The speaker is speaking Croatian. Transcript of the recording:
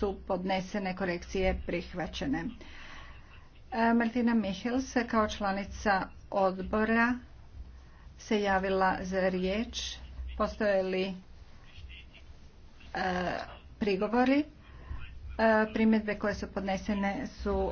su podnesene korekcije prihvaćene. E, Martina Michels kao članica odbora se javila za riječ. Postoje li e, prigovori? E, primjedbe koje su podnesene su